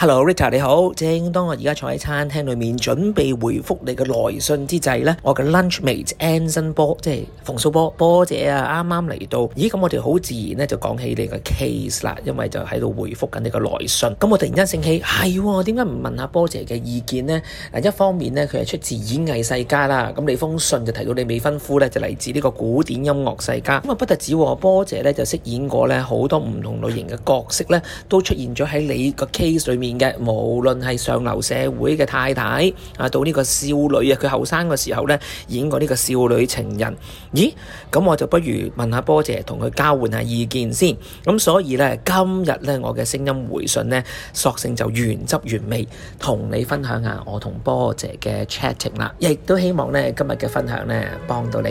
Hello Rita 你好，正當我而家坐喺餐廳裏面準備回覆你嘅來信之際呢，我嘅 lunch mate Anson 波，即係馮素波波姐啊，啱啱嚟到，咦咁我哋好自然呢就講起你嘅 case 啦，因為就喺度回覆緊你嘅來信，咁我突然間醒起，係喎、哦，點解唔問下波姐嘅意見呢？嗱，一方面呢，佢係出自演藝世家啦，咁你封信就提到你未婚夫呢，就嚟自呢個古典音樂世家，咁啊不得止，波姐呢就飾演過呢好多唔同類型嘅角色呢，都出現咗喺你個 case 裏面。嘅，無論係上流社會嘅太太啊，到呢個少女啊，佢後生嘅時候呢，演過呢個少女情人。咦，咁我就不如問下波姐，同佢交換下意見先。咁所以呢，今日呢，我嘅聲音回信呢，索性就原汁原味同你分享下我同波姐嘅 chatting 啦。亦都希望呢，今日嘅分享呢，幫到你。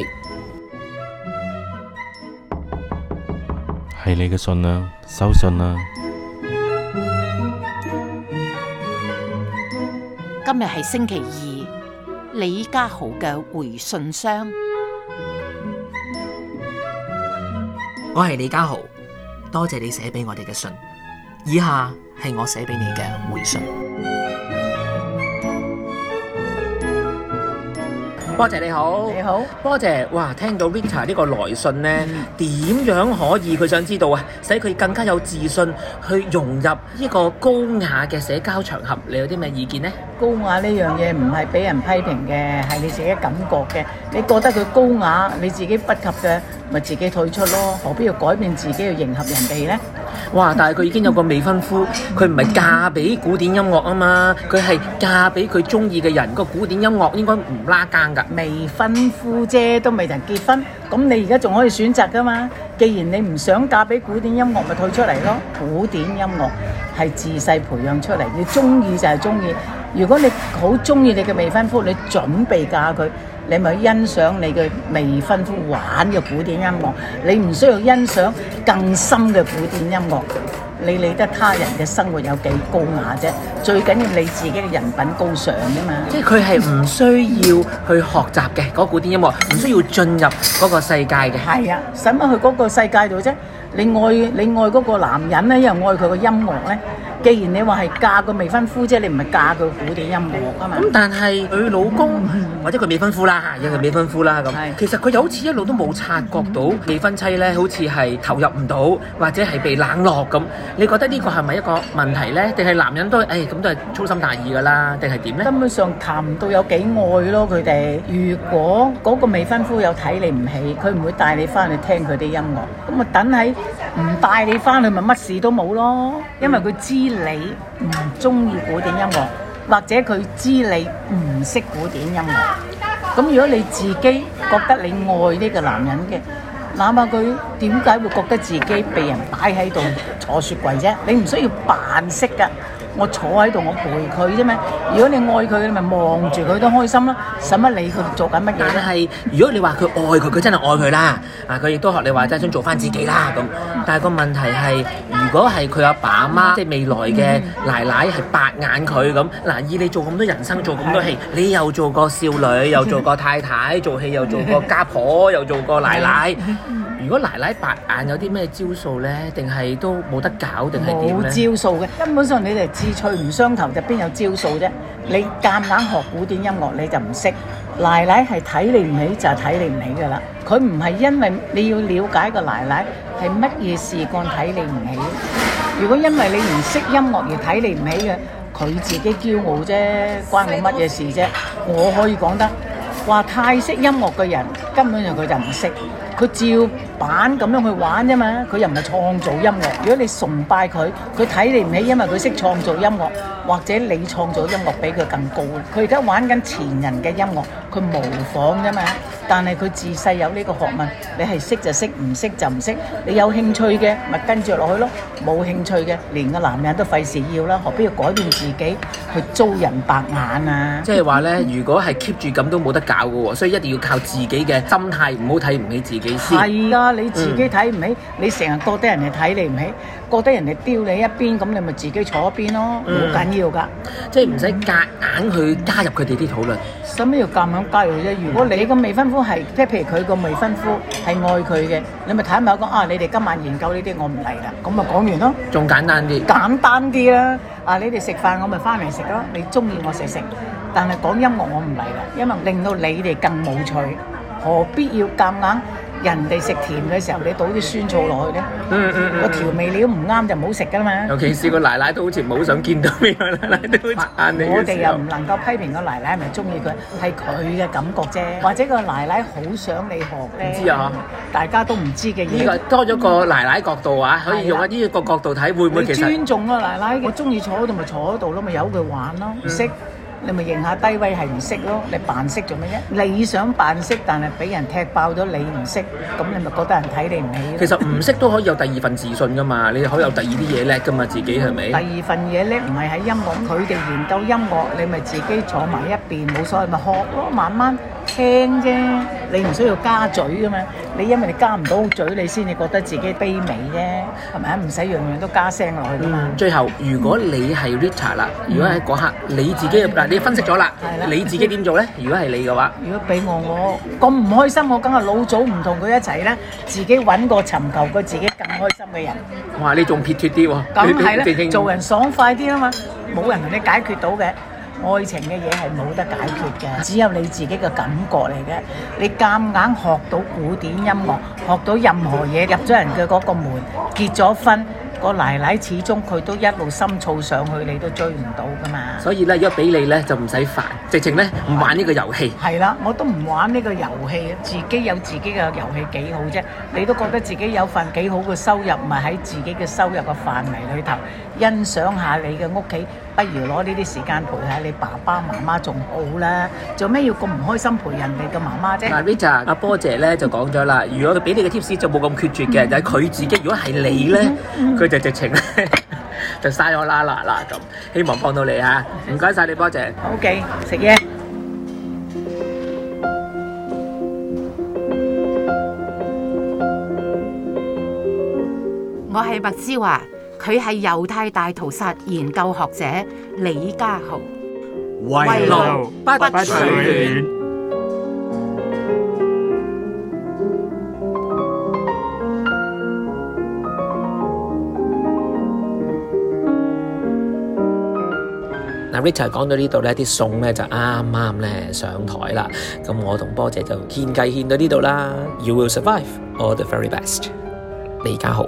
係你嘅信啊，收信啊！今日係星期二，李家豪嘅回信箱。我係李家豪，多謝你寫俾我哋嘅信。以下係我寫俾你嘅回信。波姐你好，你好，你好波姐，哇，聽到 Victor 呢個來信呢點樣可以？佢想知道啊，使佢更加有自信去融入呢個高雅嘅社交場合，你有啲咩意見呢？高雅呢樣嘢唔係俾人批評嘅，係你自己的感覺嘅。你覺得佢高雅，你自己不及嘅，咪自己退出咯。何必要改變自己去迎合人哋咧？哇！但係佢已經有個未婚夫，佢唔係嫁俾古典音樂啊嘛，佢係嫁俾佢中意嘅人。個古典音樂應該唔拉更㗎，未婚夫啫都未人結婚。咁你而家仲可以選擇㗎嘛？既然你唔想嫁俾古典音樂，咪退出嚟咯。古典音樂係自細培養出嚟，你中意就係中意。如果你好中意你嘅未婚夫，你準備嫁佢。你咪欣賞你嘅未婚夫玩嘅古典音樂，你唔需要欣賞更深嘅古典音樂。你理得他人嘅生活有幾高雅啫？最緊要你自己嘅人品高尚啫嘛。即係佢係唔需要去學習嘅嗰古典音樂，唔需要進入嗰個世界嘅。係啊，使乜去嗰個世界度啫？你愛你愛嗰個男人咧，又愛佢個音樂咧。既然你話係嫁個未婚夫啫，你唔係嫁佢古典音樂啊嘛？咁但係佢老公或者佢未婚夫啦，又係未婚夫啦咁。係其實佢又好似一路都冇察覺到未婚妻咧，好似係投入唔到或者係被冷落咁。你覺得呢個係咪一個問題咧？定係男人都誒咁都係粗心大意噶啦？定係點咧？根本上談唔到有幾愛咯，佢哋。如果嗰個未婚夫有睇你唔起，佢唔會帶你翻去聽佢啲音樂。咁啊，等喺唔帶你翻去咪乜事都冇咯，因為佢知。你唔中意古典音樂，或者佢知你唔識古典音樂，咁如果你自己覺得你愛呢個男人嘅，諗下佢點解會覺得自己被人擺喺度坐雪櫃啫？你唔需要扮識㗎。我坐喺度，我陪佢啫嘛。如果你愛佢，你咪望住佢都開心咯，使乜理佢做緊乜嘢？但係如果你話佢愛佢，佢真係愛佢啦。啊，佢亦都學你話齋，想做翻自己啦咁。但係個問題係，如果係佢阿爸阿媽，即係未來嘅奶奶係白眼佢咁，嗱，以你做咁多人生，做咁多戲，你又做過少女，又做過太太，做戲又做過家婆，又做過奶奶。如果奶奶白眼有啲咩招數呢，定係都冇得搞定係點咧？冇招數嘅，根本上你哋志趣唔相投，就邊有招數啫？你夾硬學古典音樂你就唔識，奶奶係睇你唔起就睇你唔起㗎喇。佢唔係因為你要了解個奶奶係乜嘢事幹睇你唔起。如果因為你唔識音樂而睇你唔起嘅，佢自己驕傲啫，關我乜嘢事啫？我可以講得話，太識音樂嘅人根本上佢就唔識。佢照版咁樣去玩啫嘛，佢又唔係創造音樂，如果你崇拜佢，佢睇你唔起，因為佢識創造音樂，或者你創造音樂比佢更高咧。佢而家玩緊前人嘅音樂，佢模仿啫嘛。但係佢自細有呢個學問，你係識就識，唔識就唔識。你有興趣嘅咪跟住落去咯，冇興趣嘅連個男人都費事要啦，何必要改變自己去遭人白眼啊？即係話咧，如果係 keep 住咁都冇得搞嘅，所以一定要靠自己嘅心態，唔好睇唔起自己。係啊，你自己睇唔起，你成日覺得人哋睇你唔起，覺得人哋丟你一邊，咁你咪自己坐一邊咯，冇緊要㗎。即係唔使夾硬去加入佢哋啲討論。使乜要夾硬加入啫？如果你個未婚夫係，即係譬如佢個未婚夫係愛佢嘅，你咪睇埋我講啊！你哋今晚研究呢啲，我唔嚟啦。咁咪講完咯。仲簡單啲。簡單啲啦。啊！你哋食飯，我咪翻嚟食咯。你中意我食食，但係講音樂我唔嚟啦，因為令到你哋更無趣，何必要夾硬？人哋食甜嘅時候，你倒啲酸醋落去咧，個、嗯嗯嗯、調味料唔啱就唔好食噶啦嘛。尤其是個奶奶都好似冇想見到咩嘢，奶奶都，我哋又唔能夠批評個奶奶係咪中意佢，係佢嘅感覺啫。或者個奶奶好想你學咧、啊嗯，大家都唔知嘅呢個多咗個奶奶角度啊，可以用呢一個角度睇，會唔會其實？嗯、尊重咯、啊，奶奶我中意坐喺度咪坐喺度咯，咪由佢玩咯，識、嗯。嗯。你咪認下低威係唔識咯，你扮識做咩啫？你想扮識，但係畀人踢爆咗，你唔識，咁你咪覺得人睇你唔起。其實唔識都可以有第二份自信噶嘛，你可以有第二啲嘢叻噶嘛，自己係咪？是是第二份嘢叻，唔係喺音樂，佢哋研究音樂，你咪自己坐埋一邊冇所謂，咪學咯，慢慢。聽啫，你唔需要加嘴噶嘛。你因為你加唔到嘴，你先至覺得自己卑微啫，係咪啊？唔使樣樣都加聲落去啊嘛。最後，如果你係 Richard 啦，如果喺嗰刻你自己嗱，你分析咗啦，你自己點做咧？如果係你嘅話，如果俾我，我咁唔開心，我梗係老早唔同佢一齊啦，自己揾個尋求過自己更開心嘅人。哇！你仲撇脱啲喎，咁係咧，做人爽快啲啊嘛，冇人同你解決到嘅。愛情嘅嘢係冇得解決嘅，只有你自己嘅感覺嚟嘅。你夾硬學到古典音樂，學到任何嘢，入咗人嘅嗰個門，結咗婚，個奶奶始終佢都一路心燥上去，你都追唔到噶嘛。所以咧，如果俾你咧就唔使煩，直情咧唔玩呢個遊戲。係啦，我都唔玩呢個遊戲，自己有自己嘅遊戲幾好啫。你都覺得自己有份幾好嘅收入，咪喺自己嘅收入嘅範圍裏頭欣賞下你嘅屋企。不如攞呢啲時間陪下你爸爸媽媽仲好啦，做咩要咁唔開心陪人哋嘅媽媽啫？阿 Richard，阿波姐咧就講咗啦，如果佢俾你嘅 tips 就冇咁決絕嘅，就係佢自己。如果係你咧，佢就直情咧就嘥咗我啦啦啦咁。希望幫到你啊！唔該曬你波姐。OK，食嘢。我係白思華。佢係猶太大屠殺研究學者李家豪，為路不許亂。嗱，Rita 講到呢度咧，啲餸咧就啱啱咧上台啦。咁我同波姐就獻計獻到呢度啦。You will survive, all the very best，李家豪。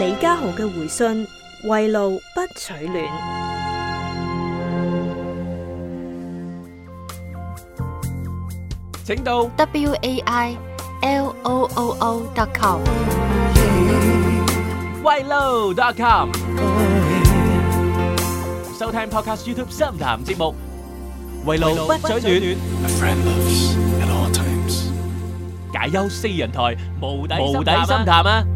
李家豪嘅回信：為路不取暖，請到 wailoooo.com，wailoo.com 收聽 Podcast YouTube 深談節目《為路不取暖》。A friend loves at all times. 解憂四人台，無底深談啊！